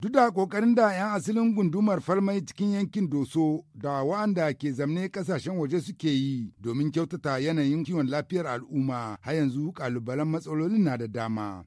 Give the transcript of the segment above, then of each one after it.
Duk da ƙoƙarin da 'yan asalin gundumar falmai cikin yankin Doso da wa'anda ke zamne ƙasashen waje suke yi domin kyautata yanayin kiwon lafiyar al'umma har yanzu ƙalubalen matsalolin na da dama.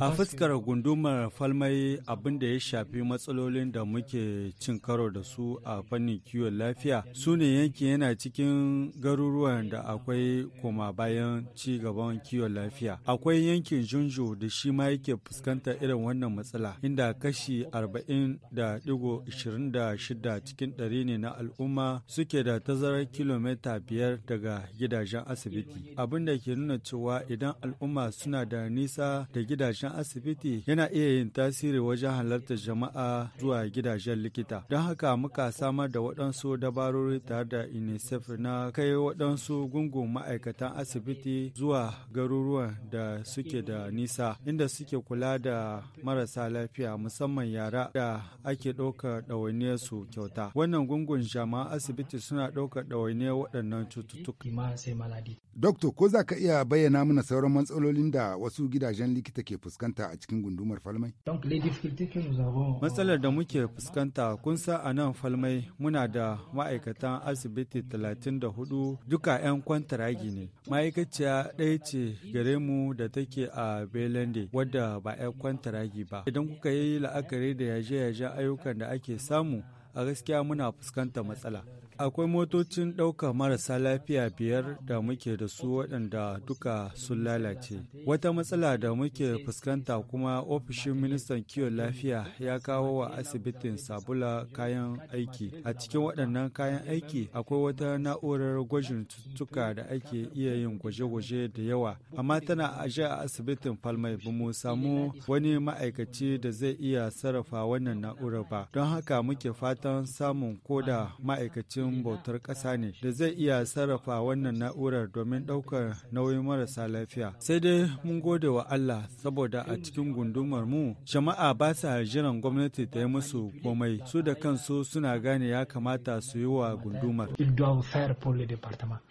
A fuskar gundumar falmai abinda ya shafi matsalolin da muke cin karo da su a fannin kiwon lafiya su ne yanki yana cikin garuruwan da akwai koma bayan ci gaban kiwon lafiya. Akwai yankin Junju da shi ma yake fuskantar irin wannan matsala inda kashi 40.26 cikin ɗari ne na al'umma suke da tazarar kilomita biyar daga gidajen asibiti. abinda ke nuna cewa idan al'umma al'umma suna da nisa da gidajen asibiti yana iya yin tasiri wajen halartar jama'a zuwa gidajen likita. Don haka muka samar da waɗansu dabarori tare da UNICEF na kai waɗansu gungun ma'aikatan asibiti zuwa garuruwan da suke da nisa inda suke kula da marasa lafiya musamman yara da ake ɗaukar ɗawainiyarsu kyauta. Wannan gungun jama'a asibiti suna ɗaukar ɗawainiyar waɗannan cututtuka. Dokta, ko za ka iya bayyana mana sauran matsaloli matsalolin da wasu gidajen likita ke fuskanta a cikin gundumar falmai? Euh, Matsalar da muke fuskanta kun sa a nan falmai muna da ma'aikatan asibiti 34 duka 'yan kwantaragi ne. Ma'aikaciya ɗaya ce gare mu da take a Belende wadda ba 'yan kwantaragi ba. Idan kuka yi la'akari da yaje-yajen ayyukan da ake samu a gaskiya muna fuskanta matsala. Akwai motocin ɗauka marasa lafiya biyar da muke da su waɗanda duka sun lalace. Wata matsala da muke fuskanta kuma ofishin ministan kiwon lafiya ya kawo wa asibitin sabula kayan aiki. A cikin waɗannan kayan aiki akwai wata na'urar gwajin cututtuka da ake iya yin gwaje-gwaje da yawa. Amma tana aje a asibitin Falmai ba mu samu wani ma'aikaci da zai iya sarrafa wannan na'urar ba. Don haka muke fatan samun koda ma'aikacin lokacin bautar ƙasa ne da zai iya sarrafa wannan na'urar domin ɗaukar nauyin marasa lafiya. Sai dai mun gode wa Allah saboda a cikin gundumar mu jama'a ba sa jiran gwamnati ta yi musu komai su da kansu suna gane ya kamata su yi wa gundumar.